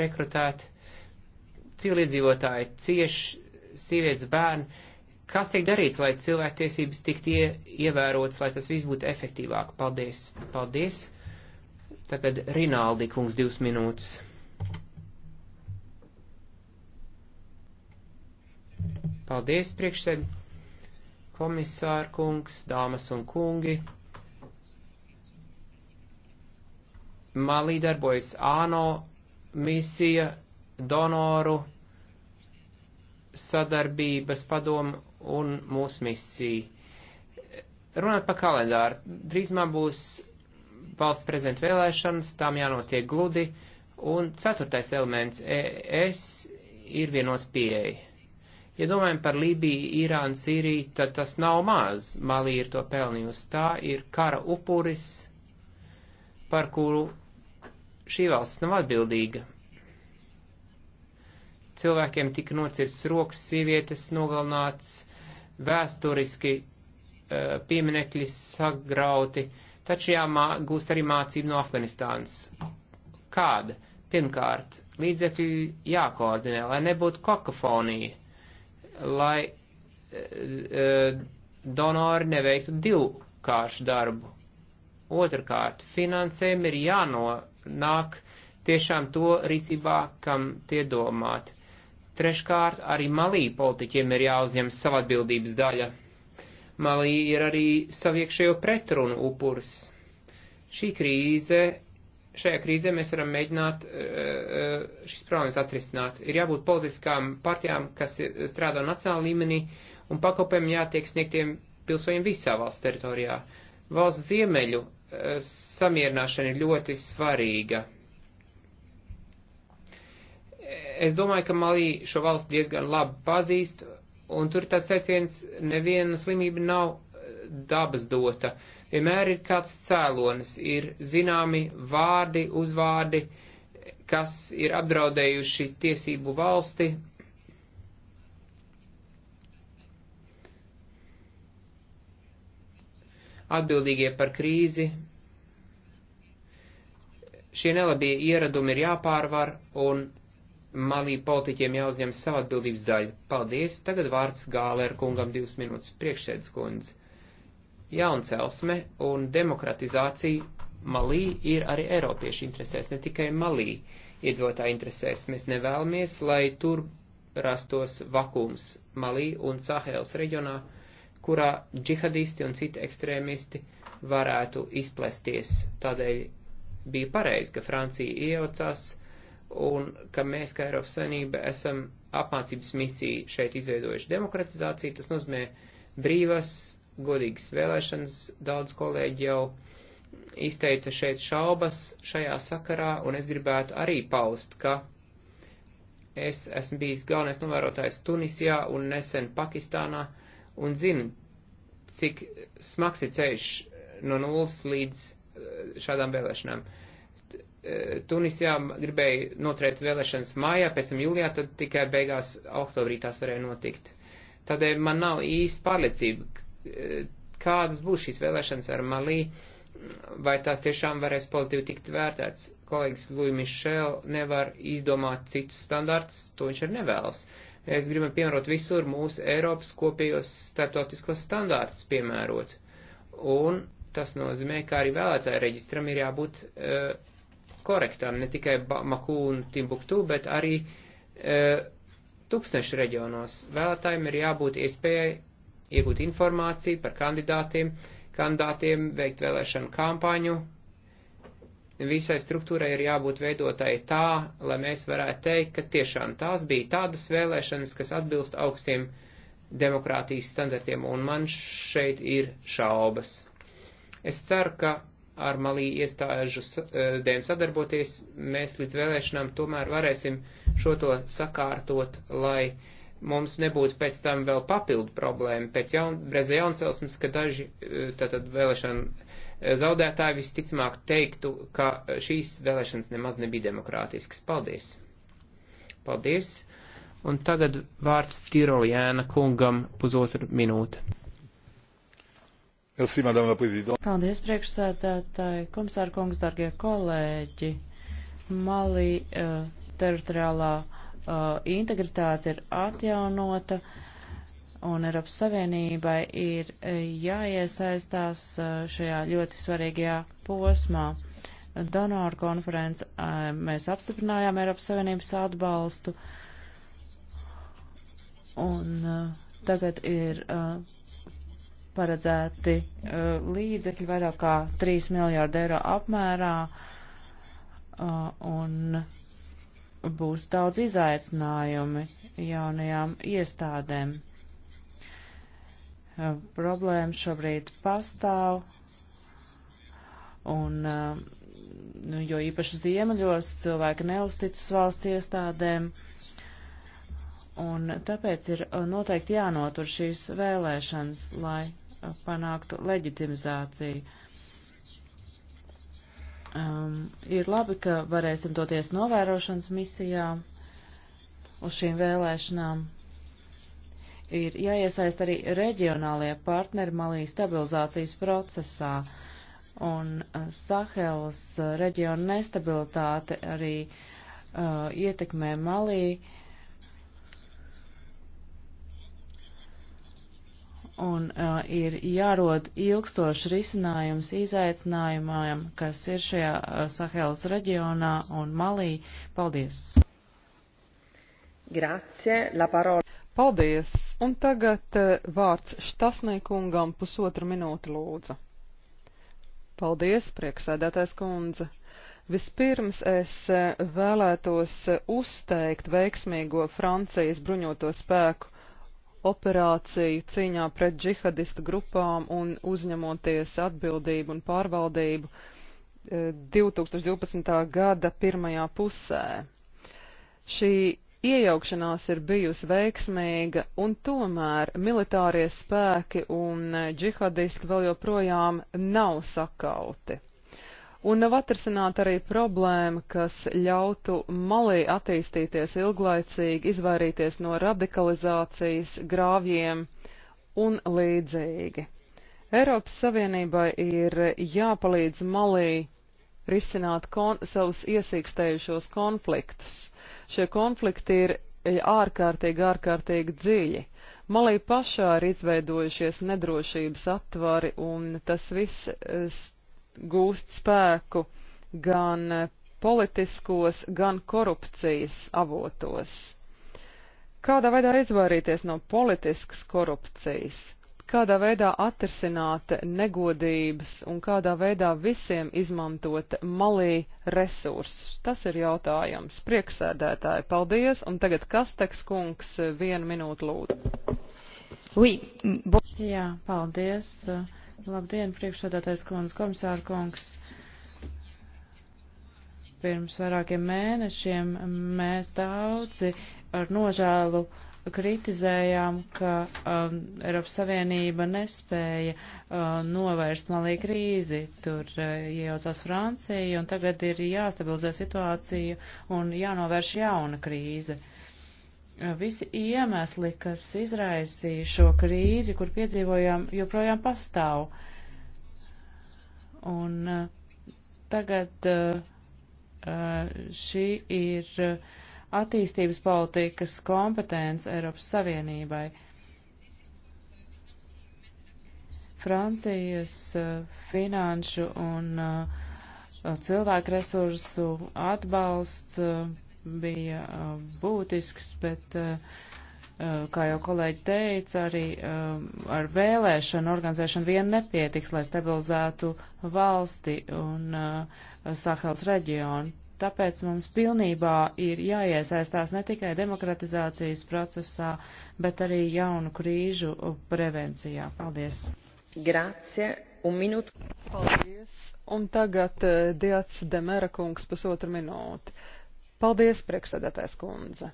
rekrutēti, cilvēdzīvotāji cieši, sievietes bērni. Kas tiek darīts, lai cilvēktiesības tiktu ie, ievērotas, lai tas viss būtu efektīvāk? Paldies! Paldies! Tagad Rinaldi kungs divas minūtes. Paldies, priekšsēd, komisāra kungs, dāmas un kungi! Malī darbojas ANO misija, donoru sadarbības padomu un mūsu misiju. Runājot par kalendāru, drīzumā būs valsts prezidenta vēlēšanas, tām jānotiek gludi, un ceturtais elements - es ir vienot pieeja. Ja domājam par Lībiju, Irānu, Sīriju, tad tas nav maz. Malī ir to pelnījusi. Tā ir kara upuris, par kuru šī valsts nav atbildīga. Cilvēkiem tika nocirsts rokas, sievietes nogalnāts, vēsturiski eh, pieminekļi sagrauti, taču jāgūst arī mācību no Afganistānas. Kāda? Pirmkārt, līdzekļi jākoordinē, lai nebūtu kakofonija, lai e, donori neveiktu divkāršu darbu. Otrkārt, finansēm ir jāno nāk tiešām to rīcībā, kam tie domāt. Treškārt, arī malī politiķiem ir jāuzņem sava atbildības daļa. Malī ir arī saviekšējo pretrunu upurs. Šī krīze, šajā krīzē mēs varam mēģināt eh, eh, šīs problēmas atrisināt. Ir jābūt politiskām partijām, kas strādā nacionāla līmenī, un pakopēm jātiek sniegtiem pilsoņiem visā valsts teritorijā. Valsts ziemeļu Eh, samierināšana ir ļoti svarīga. Eh, es domāju, ka Malī šo valstu diezgan labi pazīst, un tur tāds seiciens neviena slimība nav eh, dabas dota. Vienmēr ir kāds cēlonis, ir zināmi vārdi, uzvārdi, kas ir apdraudējuši tiesību valsti, atbildīgie par krīzi. Šie nelabie ieradumi ir jāpārvar un malī politiķiem jāuzņem savu atbildības daļu. Paldies, tagad vārds Gālēra kungam divas minūtes priekšsēdz kundze. Jauncelsme un demokratizācija malī ir arī Eiropiešu interesēs, ne tikai malī iedzīvotāju interesēs. Mēs nevēlamies, lai tur rastos vakums malī un Sahēlas reģionā kurā džihadisti un citi ekstrēmisti varētu izplesties. Tādēļ bija pareizi, ka Francija iejaucās un ka mēs, kā Eiropas Savienība, esam apmācības misiju šeit izveidojuši demokratizāciju. Tas nozīmē brīvas, godīgas vēlēšanas. Daudz kolēģi jau izteica šeit šaubas šajā sakarā, un es gribētu arī paust, ka es esmu bijis galvenais novērotājs Tunisijā un nesen Pakistānā un zinu, cik smags ir ceļš no nulles līdz eh, šādām vēlēšanām. Eh, Tunisijā gribēja noturēt vēlēšanas mājā, pēc tam jūlijā, tad tikai beigās oktobrī tās varēja notikt. Tādēļ man nav īsti pārliecība, eh, kādas būs šīs vēlēšanas ar Malī, vai tās tiešām varēs pozitīvi tikt vērtēts. Kolēģis Louis Michel nevar izdomāt citus standarts, to viņš arī nevēlas. Uh, Mēs gribam piemērot visur mūsu Eiropas kopējos startotiskos standārtus piemērot. Un tas nozīmē, ka arī vēlētāju reģistram ir jābūt e, korektam, ne tikai Maku un Timbuktu, bet arī e, tūkstnešu reģionos. Vēlētājiem ir jābūt iespējai iegūt informāciju par kandidātiem, kandidātiem veikt vēlēšanu kampaņu, visai struktūrai ir jābūt veidotai tā, lai mēs varētu teikt, ka tiešām tās bija tādas vēlēšanas, kas atbilst augstiem demokrātijas standartiem, un man šeit ir šaubas. Es ceru, ka ar malī iestāžu eh, dēļ sadarboties, mēs līdz vēlēšanām tomēr varēsim šo to sakārtot, lai mums nebūtu pēc tam vēl papildu problēma, pēc jaun, breze jauncelsmes, ka daži eh, tātad vēlēšana zaudētāji visticamāk teiktu, ka šīs vēlēšanas nemaz nebija demokrātiskas. Paldies! Paldies! Un tagad vārds Tiroljēna kungam pusotru minūte. Merci, Paldies, priekšsēdētāji, komisāra kungs, dargie kolēģi. Malī uh, eh, teritoriālā uh, integritāte ir atjaunota. Uh, un Eiropas Savienībai ir eh, jāiesaistās eh, šajā ļoti svarīgajā posmā. Donoru konference eh, mēs apstiprinājām Eiropas Savienības atbalstu, un tagad ir paredzēti līdzekļi vairāk kā 3 miljārdu eiro apmērā, un būs daudz izaicinājumi jaunajām iestādēm problēma šobrīd pastāv, un, nu, jo īpaši ziemeļos cilvēki neusticas valsts iestādēm, un tāpēc ir noteikti jānotur šīs vēlēšanas, lai panāktu leģitimizāciju. Um, ir labi, ka varēsim doties novērošanas misijā uz šīm vēlēšanām Ir jāiesaist arī reģionālie partneri Malī stabilizācijas procesā, un Sahelas reģiona nestabilitāte arī uh, ietekmē Malī. Un uh, ir jārod ilgstošs risinājums izaicinājumam, kas ir šajā uh, Sahelas reģionā un Malī. Paldies! Grazie, la parola. Paldies! Un tagad eh, vārds Štasniekungam pusotra minūte lūdzu. Paldies, prieksēdētājs kundze! Vispirms es eh, vēlētos eh, uzteikt veiksmīgo Francijas bruņoto spēku operāciju cīņā pret džihadistu grupām un uzņemoties atbildību un pārvaldību 2012. gada pirmajā pusē. Šī iejaukšanās ir bijusi veiksmīga, un tomēr militārie spēki un e, džihadisti vēl joprojām nav sakauti. Un nav atrasināta arī problēma, kas ļautu malī attīstīties ilglaicīgi, izvairīties no radikalizācijas, grāvjiem un līdzīgi. Eiropas Savienībai ir jāpalīdz malī risināt kon savus iesīkstējušos konfliktus Šie konflikti ir e, ārkārtīgi, ārkārtīgi dziļi. Malī pašā ir izveidojušies nedrošības aptvari, un tas viss e, gūst spēku gan e, politiskos, gan korupcijas avotos. Kādā veidā izvairīties no politiskas korupcijas? kādā veidā atrisināt negodības un kādā veidā visiem izmantot malī resursus. Tas ir jautājums. Prieksēdētāji, paldies, un tagad Kasteks kungs vienu minūtu lūdzu. Oui. Jā, paldies. Labdien, priekšsēdētais kundz, komisāra kungs. Pirms vairākiem mēnešiem mēs daudzi ar nožēlu uh, kritizējām, ka um, Eiropas Savienība nespēja uh, novērst malī krīzi, tur uh, iejaucās Francija, un tagad ir jāstabilizē situācija un jānovērš jauna krīze. Uh, visi iemesli, kas izraisīja šo krīzi, kur piedzīvojām, joprojām pastāv. Un uh, tagad uh, uh šī ir. Uh, attīstības politikas kompetence Eiropas Savienībai. Francijas uh, finanšu un uh, cilvēku resursu atbalsts uh, bija būtisks, bet, kā jau kolēģi teica, arī ar vēlēšanu organizēšanu vien nepietiks, lai stabilizētu valsti un Sahels reģionu Tāpēc mums pilnībā ir jāiesaistās ne tikai demokratizācijas procesā, bet arī jaunu krīžu prevencijā. Paldies! Grācie un minūtu. Paldies! Un tagad eh, Diats Demera kungs pusotru minūti. Paldies, priekšsēdētājs kundze!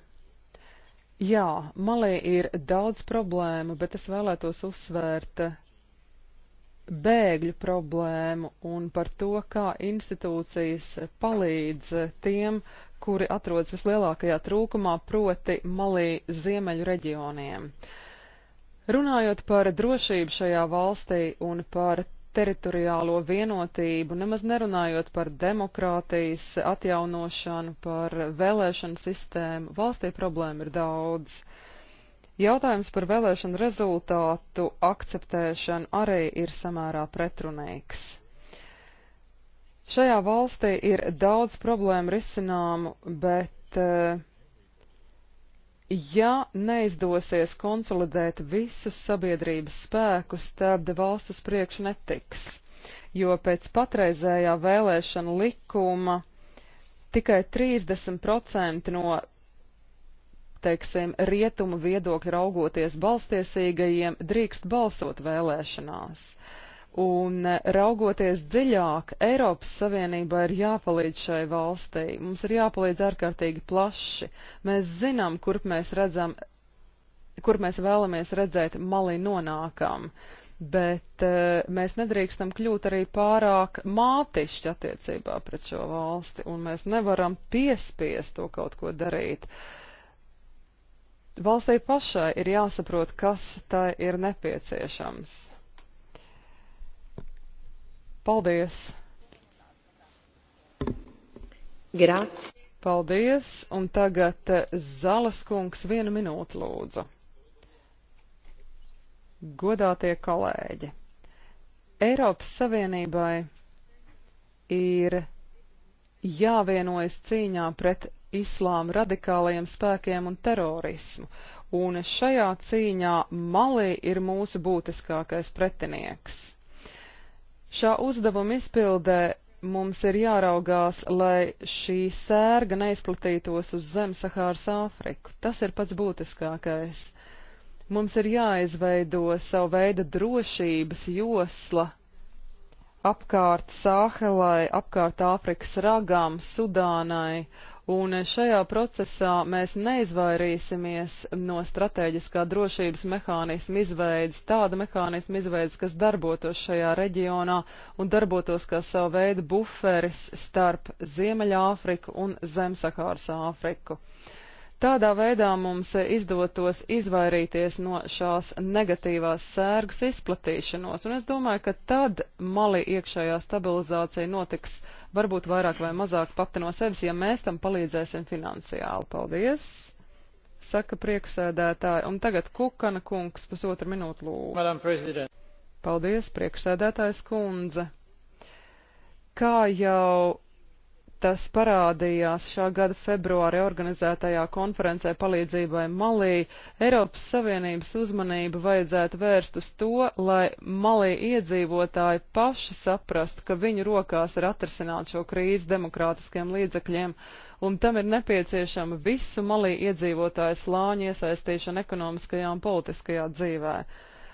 Jā, Malī ir daudz problēmu, bet es vēlētos uzsvērt bēgļu problēmu un par to, kā institūcijas palīdz tiem, kuri atrodas vislielākajā trūkumā, proti malī ziemeļu reģioniem. Runājot par drošību šajā valstī un par teritoriālo vienotību, nemaz nerunājot par demokrātijas atjaunošanu, par vēlēšanu sistēmu, valstī problēma ir daudz. Uh, Jautājums par vēlēšanu rezultātu akceptēšanu arī ir samērā pretrunīgs. Šajā valstī ir daudz problēmu risināmu, bet uh, ja neizdosies konsolidēt visus sabiedrības spēkus, tad valsts uz priekšu netiks, jo pēc patreizējā vēlēšana likuma tikai 30% no teiksim, rietumu viedokļu raugoties balstiesīgajiem, drīkst balsot vēlēšanās. Un e, raugoties dziļāk, Eiropas Savienībā ir jāpalīdz šai valstī. Mums ir jāpalīdz ārkārtīgi plaši. Mēs zinām, kur mēs redzam, kur mēs vēlamies redzēt mali nonākam, bet e, mēs nedrīkstam kļūt arī pārāk mātišķi attiecībā pret šo valsti, un mēs nevaram piespiest to kaut ko darīt. Uh, Valstī pašai ir jāsaprot, kas tai ir nepieciešams. Paldies! Grāts! Paldies, un tagad eh, Zalas kungs vienu minūtu lūdzu. Godātie kolēģi! Eiropas Savienībai ir jāvienojas cīņā pret islāma radikālajiem spēkiem un terorismu, un šajā cīņā Malī ir mūsu būtiskākais pretinieks. Šā uzdevuma izpildē mums ir jāraugās, lai šī sērga neizplatītos uz zem Sahāras Āfriku. Tas ir pats būtiskākais. Mums ir jāizveido savu veidu drošības josla apkārt Sāhelai, apkārt Āfrikas ragām, Sudānai, Un šajā procesā mēs neizvairīsimies no strateģiskā drošības mehānisma izveidas, tāda mehānisma izveidas, kas darbotos šajā reģionā un darbotos kā savu veidu buferis starp Ziemeļāfriku un Zemsakāras Āfriku. Tādā veidā mums izdotos izvairīties no šās negatīvās sērgas izplatīšanos, un es domāju, ka tad mali iekšējā stabilizācija notiks varbūt vairāk vai mazāk pati no sevis, ja mēs tam palīdzēsim finansiāli. Paldies! Saka priekšsēdētāji, un tagad Kukana kungs pusotru minūtu lūdzu. Paldies, priekšsēdētājs kundze! Kā jau tas parādījās šā gada februāri organizētajā konferencē palīdzībai Malī, Eiropas Savienības uzmanību vajadzētu vērst uz to, lai Malī iedzīvotāji paši saprastu, ka viņu rokās ir atrisināt šo krīzi demokrātiskiem līdzekļiem, un tam ir nepieciešama visu Malī iedzīvotāju slāņu iesaistīšana ekonomiskajā un politiskajā dzīvē.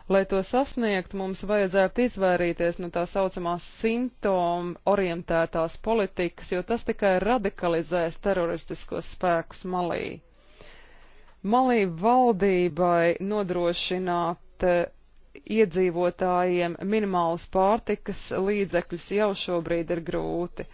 Lai to sasniegt, mums vajadzētu izvairīties no tā saucamās simptomu orientētās politikas, jo tas tikai radikalizēs teroristiskos spēkus Malī. Malī valdībai nodrošināt eh, iedzīvotājiem minimālus pārtikas līdzekļus jau šobrīd ir grūti.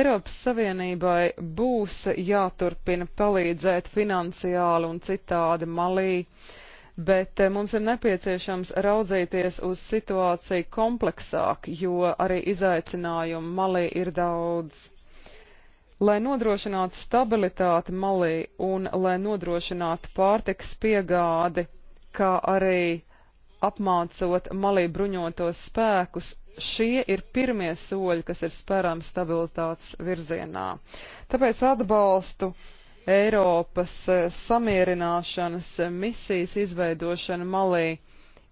Eiropas Savienībai būs jāturpina palīdzēt finansiāli un citādi Malī. Uh, bet eh, mums ir nepieciešams raudzīties uz situāciju kompleksāk, jo arī izaicinājumu malī ir daudz. Lai nodrošinātu stabilitāti malī un lai nodrošinātu pārtikas piegādi, kā arī apmācot malī bruņotos spēkus, šie ir pirmie soļi, kas ir spērami stabilitātes virzienā. Tāpēc atbalstu Eiropas eh, samierināšanas eh, misijas izveidošana Malī,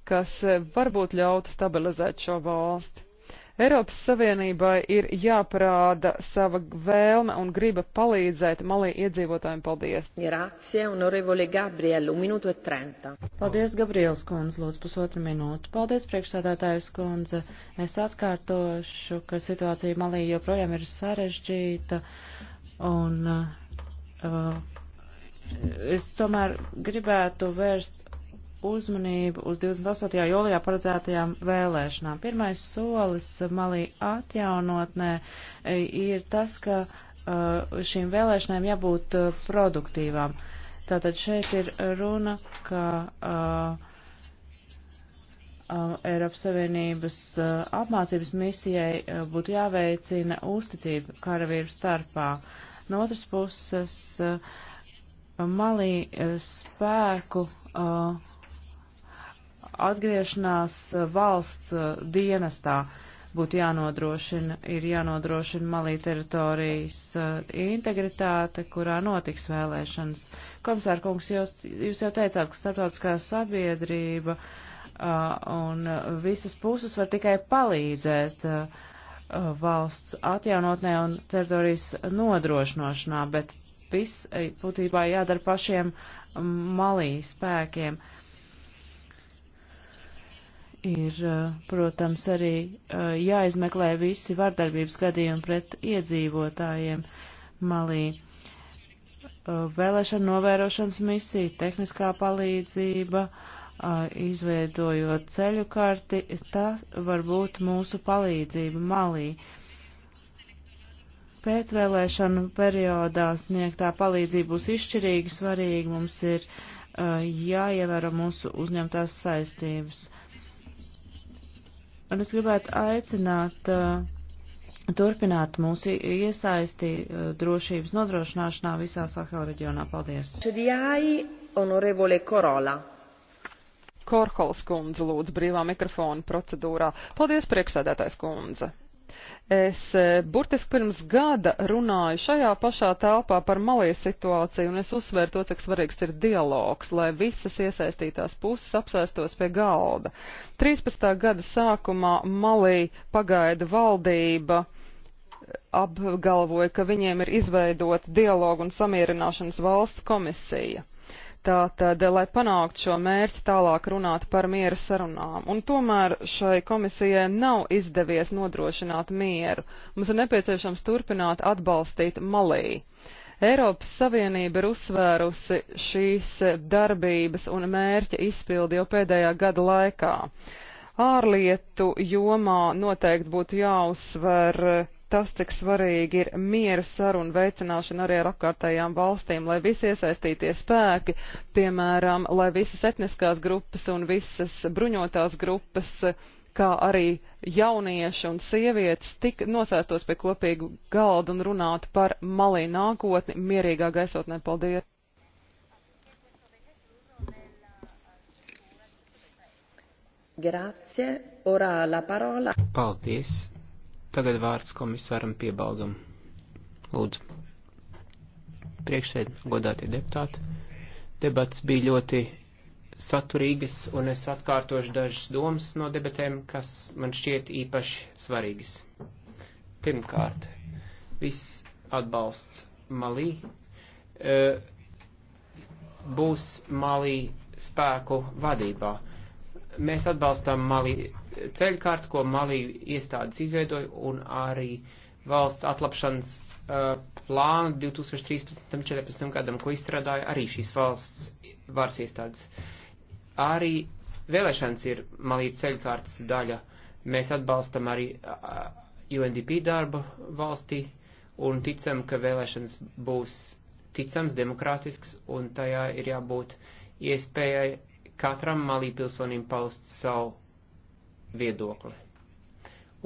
kas eh, varbūt ļautu stabilizēt šo valsti. Eiropas Savienībai ir jāparāda sava vēlme un griba palīdzēt malī iedzīvotājiem. Paldies! Grazie, honorevole Gabrielu, minūte 30. Paldies, Gabriels kundze, lūdzu pusotru minūtu. Paldies, priekšsādātājs kundze. Es atkārtošu, ka situācija malī joprojām ir sarežģīta un uh, Eh, es tomēr gribētu vērst uzmanību uz 28. jūlijā paredzētajām vēlēšanām. Pirmais solis malī atjaunotnē eh, ir tas, ka eh, šīm vēlēšanām jābūt produktīvām. Tātad šeit ir runa, ka uh, uh, Eiropas Savienības uh, apmācības misijai uh, būtu jāveicina uzticība karavīru starpā. Uh, No otras puses, eh, malī eh, spēku eh, atgriešanās valsts dienestā būtu jānodrošina, ir jānodrošina malī teritorijas integritāte, kurā notiks vēlēšanas. Komisāra kungs, jūs, jūs jau teicāt, ka starptautiskā sabiedrība uh, un visas puses var tikai palīdzēt. Uh, valsts atjaunotnē un teritorijas nodrošināšanā, bet viss eh, būtībā jādara pašiem malī spēkiem. Ir, eh, protams, arī eh, jāizmeklē visi vardarbības gadījumi pret iedzīvotājiem malī. Vēlēšana novērošanas misija, tehniskā palīdzība, uh, izveidojot ceļu karti, tas var būt mūsu palīdzība malī. Pēcvēlēšanu periodā sniegtā palīdzība būs izšķirīgi svarīga. Mums ir uh, jāievēro mūsu uzņemtās saistības. Un es gribētu aicināt uh, turpināt mūsu iesaisti uh, drošības nodrošināšanā visā Sahel reģionā. Paldies! Čudijāji, honorevole Korola. Korholas kundze lūdzu brīvā mikrofona procedūrā. Paldies, prieksēdētājs kundze! Es e, burtiski pirms gada runāju šajā pašā telpā par malijas situāciju, un es uzsvēru to, cik svarīgs ir dialogs, lai visas iesaistītās puses apsēstos pie galda. 13. gada sākumā malī pagaida valdība apgalvoja, ka viņiem ir izveidota dialogu un samierināšanas valsts komisija. Tātad, lai panāktu šo mērķi, tālāk runāt par miera sarunām. Un tomēr šai komisijai nav izdevies nodrošināt mieru. Mums ir nepieciešams turpināt atbalstīt Malī. Eiropas Savienība ir uzsvērusi šīs darbības un mērķa izpildi jau pēdējā gada laikā. Ārlietu jomā noteikti būtu jāuzsver tas, cik svarīgi ir miera saruna veicināšana arī ar apkārtējām valstīm, lai visi iesaistītie spēki, piemēram, lai visas etniskās grupas un visas bruņotās grupas, kā arī jaunieši un sievietes, tik nosēstos pie kopīgu galdu un runātu par malī nākotni mierīgā gaisotnē. Paldies! Grazie. Ora la parola. Paldies. Tagad vārds komisāram piebalgam. Lūdzu. Priekšsēd, godātie deputāti. Debats bija ļoti saturīgas, un es atkārtošu dažas domas no debatēm, kas man šķiet īpaši svarīgas. Pirmkārt, viss atbalsts Malī e, būs Malī spēku vadībā. Mēs atbalstām Malī ceļkārtu, ko Malī iestādes izveidoja, un arī valsts atlapšanas uh, plānu 2013-2014 gadam, ko izstrādāja arī šīs valsts varas iestādes. Arī vēlēšanas ir Malī ceļkārtas daļa. Mēs atbalstam arī uh, UNDP darbu valstī un ticam, ka vēlēšanas būs ticams, demokrātisks, un tajā ir jābūt iespējai katram malī pilsonim paust savu viedokli.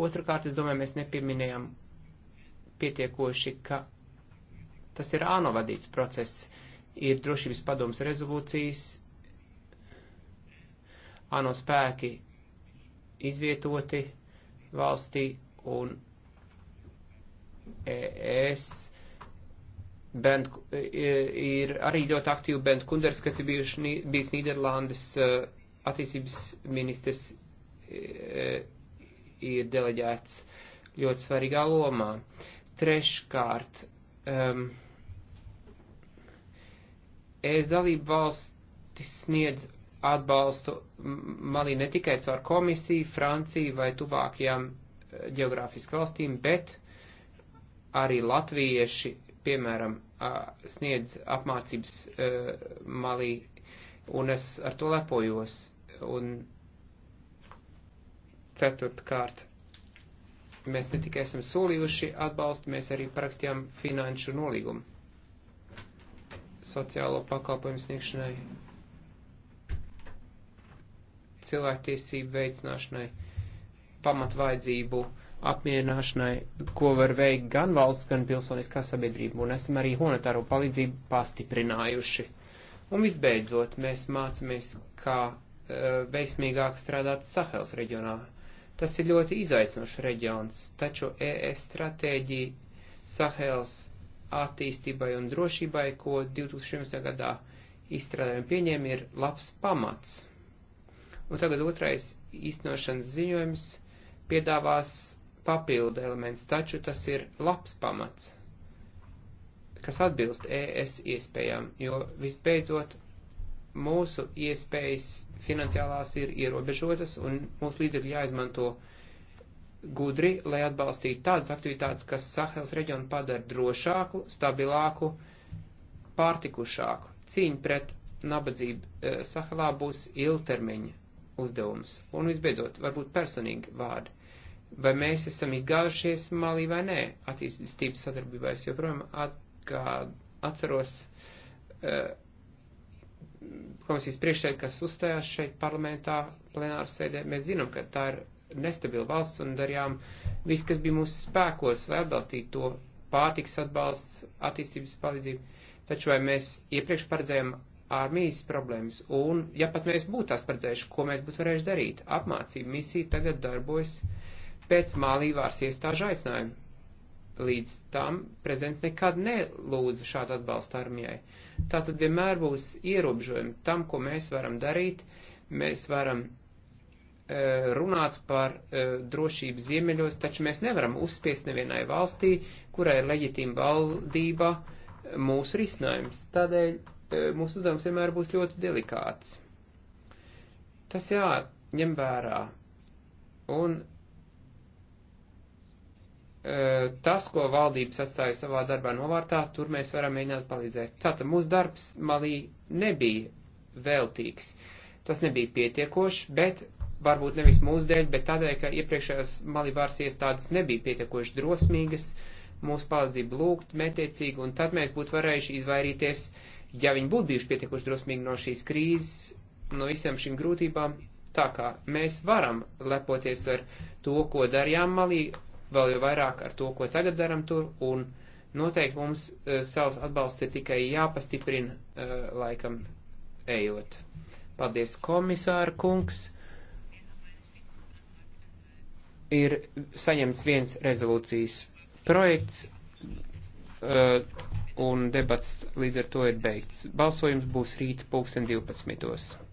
Otrakārt, es domāju, mēs nepieminējām pietiekoši, ka tas ir āno vadīts process, ir drošības padomas rezolūcijas, āno spēki izvietoti valstī un es band, e, ir arī ļoti aktīvi Bent Kunders, kas ir bijuši, bijis Nīderlandes e, attīstības ministrs Eh, ir deleģēts ļoti svarīgā lomā. Treškārt, um, es dalību valstis sniedz atbalstu Malī ne tikai caur komisiju, Franciju vai tuvākajām eh, geogrāfiski valstīm, bet arī latvieši, piemēram, sniedz apmācības eh, Malī, un es ar to lepojos. Un Ceturtkārt, mēs ne tikai esam solījuši atbalstu, mēs arī parakstījām finanšu nolīgumu sociālo pakalpojumu sniegšanai, cilvēktiesību veicināšanai, pamatvaidzību apmierināšanai, ko var veikt gan valsts, gan pilsoniskā sabiedrība, un esam arī humanitāro palīdzību pastiprinājuši. Un visbeidzot, mēs mācāmies, kā uh, veiksmīgāk strādāt Sahels reģionā, Tas ir ļoti izaicinošs reģions, taču ES stratēģija Sahels attīstībai un drošībai, ko 2011. gadā izstrādājumi pieņēma, ir labs pamats. Un tagad otrais īstenošanas ziņojums piedāvās papildu elements, taču tas ir labs pamats, kas atbilst ES iespējām, jo visbeidzot mūsu iespējas finansiālās ir ierobežotas un mūsu līdzekļi jāizmanto gudri, lai atbalstītu tādas aktivitātes, kas Sahels reģionu padara drošāku, stabilāku, pārtikušāku. Cīņa pret nabadzību e, Sahelā būs ilgtermiņa uzdevums. Un visbeidzot, varbūt personīgi vārdi. Vai mēs esam izgājušies malī vai nē attīstības sadarbībā? Es joprojām atgād, atceros. Uh, komisijas priekšsēd, kas uzstājās šeit parlamentā plenāru sēdē, mēs zinām, ka tā ir nestabila valsts un darījām visu, kas bija mūsu spēkos, lai atbalstītu to pārtiks atbalsts, attīstības palīdzību. Taču vai mēs iepriekš paredzējām armijas problēmas, un ja pat mēs būtu tās paredzējuši, ko mēs būtu varējuši darīt, apmācība misija tagad darbojas pēc mālīvārs iestāžu aicinājumu līdz tam prezidents nekad nelūdza šādu atbalstu armijai. Tā tad vienmēr būs ierobežojumi tam, ko mēs varam darīt. Mēs varam e, runāt par e, drošību ziemeļos, taču mēs nevaram uzspiest nevienai valstī, kurai ir leģitīma valdība, e, mūsu risinājums. Tādēļ e, mūsu uzdevums vienmēr būs ļoti delikāts. Tas jāņem vērā. Un Eh, tas, ko valdības atstāja savā darbā novārtā, tur mēs varam mēģināt palīdzēt. Tātad mūsu darbs malī nebija veltīgs. Tas nebija pietiekoši, bet varbūt nevis mūsu dēļ, bet tādēļ, ka iepriekšējās malī vārs iestādes nebija pietiekoši drosmīgas mūsu palīdzību lūgt, mētiecīgi, un tad mēs būtu varējuši izvairīties, ja viņi būtu bijuši pietiekoši drosmīgi no šīs krīzes, no visām šīm grūtībām. Tā kā mēs varam lepoties ar to, ko darījām malī, vēl jau vairāk ar to, ko tagad daram tur, un noteikti mums uh, savs atbalsts ir tikai jāpastiprina uh, laikam ejot. Paldies, komisāra kungs. Ir saņemts viens rezolūcijas projekts uh, un debats līdz ar to ir beigts. Balsojums būs rīt pulksten 12.